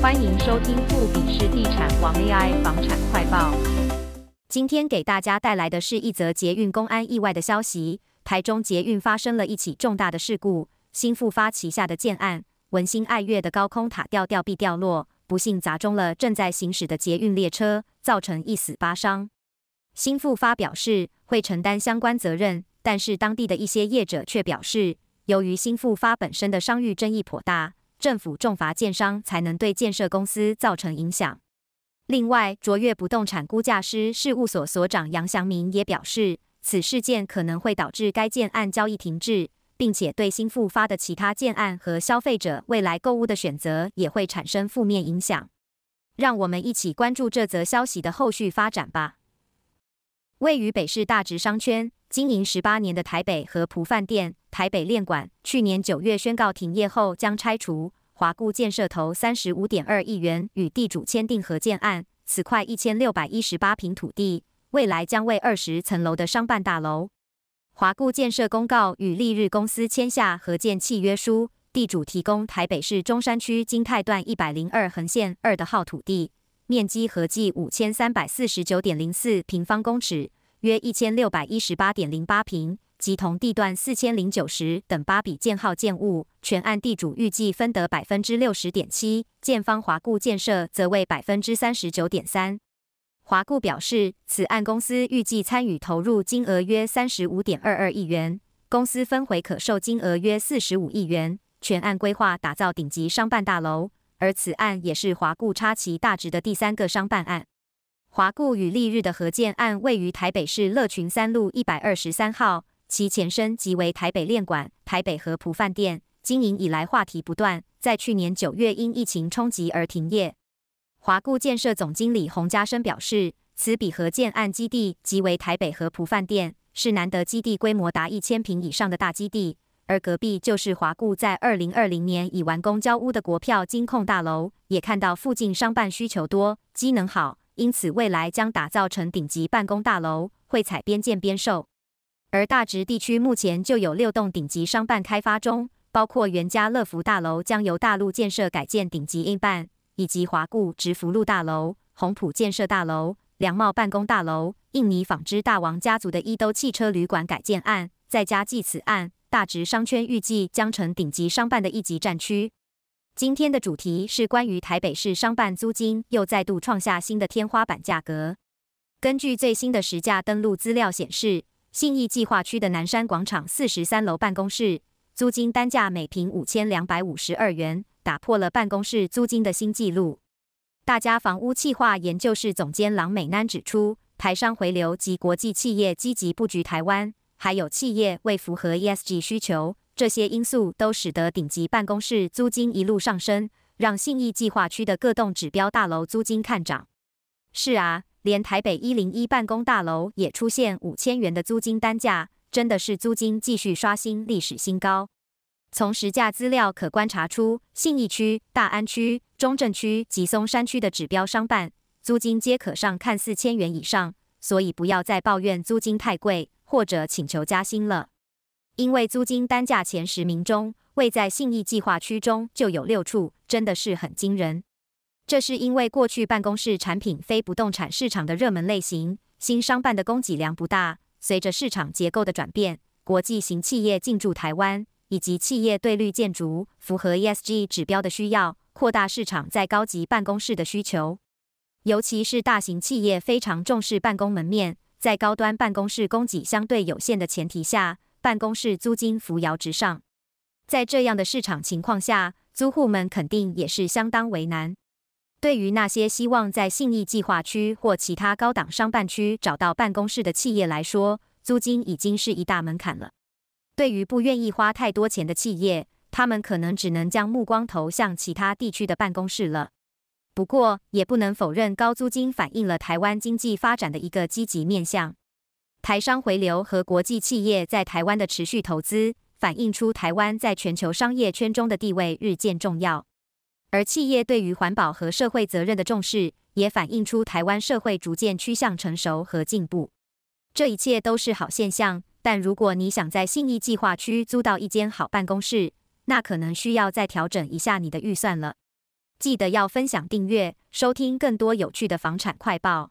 歡迎收聽富比士地產王 AI 房產快報。今天給大家帶來的是一則捷運工安意外的消息。台中捷運發生了一起重大的事故，興富發旗下的建案文心愛悅的高空塔吊吊臂掉落，不幸砸中了正在行駛的捷運列車，造成一死八傷。興富發表示會承擔相關責任，但是當地的一些業者卻表示，由於興富發本身的商譽爭議頗，頗大。政府重罰建商，才能對建設公司造成影響。另外，卓越不動產估價師事務所所長楊祥明也表示，此事件可能會導致該建案交易停滯，並且對興富發的其他建案和消費者未來購屋的選擇也會產生負面影響。讓我們一起關注這則消息的後續發展吧。位於北市大直商圈、經營十八年的台北和蒲飯店，台北戀館去年九月宣告停業後，將拆除。華固建設投三十五點二億元與地主簽訂合建案，此塊一千六百一十八坪土地，未來將為二十層樓的商辦大樓。華固建設公告與麗日公司簽下合建契約書，地主提供台北市中山區金泰段一百零二橫線二的號土地，面積合計五千三百四十九點零四平方公尺，約一千六百一十八點零八坪。及同地段四千零九十等八筆建號建物，全案地主預計分得百分之六十點七，建方華固建設則為百分之三十九點三。華固表示，此案公司預計參與投入金額約三十五點二二億元，公司分回可售金額約四十五億元。全案規劃打造頂級商辦大樓，而此案也是華固插旗大直的第三個商辦案。華固與麗日的合建案位於台北市樂群三路一百二十三號。其前身即為台北戀館、台北和浦飯店，經營以來話題不斷。在去年九月因疫情衝擊而停業。華固建設總經理洪家生表示，此筆合建案基地即為台北和浦飯店，是難得基地規模達一千坪以上的大基地。而隔壁就是華固在二零二零年已完工交屋的國票金控大樓，也看到附近商辦需求多、機能好，因此未來將打造成頂級辦公大樓，會採邊建邊售。而大直地區目前就有六棟頂級商辦開發中，包括原家樂福大樓將由大陸建設改建頂級印辦，以及華固植福路大樓、宏普建設大樓、良茂辦公大樓、印尼紡織大王家族的伊都汽車旅館改建案。再加計此案，大直商圈預計將成頂級商辦的一級戰區。今天的主題是關於台北市商辦租金又再度創下新的天花板價格。根據最新的實價登錄資料顯示，信義計劃區的南山廣場四十三樓辦公室租金單價每坪五千兩百五十二元，打破了辦公室租金的新紀錄。大家房屋企劃研究室總監郎美南指出，台商回流及國際企業積極布局台灣，還有企業為符合 ESG 需求，這些因素都使得頂級辦公室租金一路上升，讓信義計劃區的各棟指標大樓租金看漲。是啊。連台北一零一辦公大樓也出現五千元的租金單價，真的是租金繼續刷新歷史新高。從實價資料可觀察出，信義區、大安區、中正區及松山區的指標商辦租金皆可上看四千元以上，所以不要再抱怨租金太貴，或者請求加薪了。因為租金單價前十名中，位在信義計劃區中就有六處，真的是很驚人。這是因為過去辦公室產品非不動產市場的熱門類型，新商辦的供給量不大。隨着市場結構的轉變，國際型企業進駐台灣，以及企業對綠建築符合 ESG 指標的需要，擴大市場在高級辦公室的需求。尤其是大型企業非常重視辦公門面，在高端辦公室供給相對有限的前提下，辦公室租金扶搖直上。在這樣的市場情況下，租戶們肯定也是相當為難。對於那些希望在信義計劃區或其他高檔商辦區找到辦公室的企業來說，租金已經是一大門檻了。對於不願意花太多錢的企業，他們可能只能將目光投向其他地區的辦公室了。不過，也不能否認高租金反映了台灣經濟發展的一個積極面向。台商回流和國際企業在台灣的持續投資，反映出台灣在全球商業圈中的地位日漸重要。而企業對於環保和社會責任的重視，也反映出台灣社會逐漸趨向成熟和進步。這一切都是好現象，但如果你想在信義計劃區租到一間好辦公室，那可能需要再調整一下你的預算了。記得要分享、訂閱、收聽更多有趣的房產快報。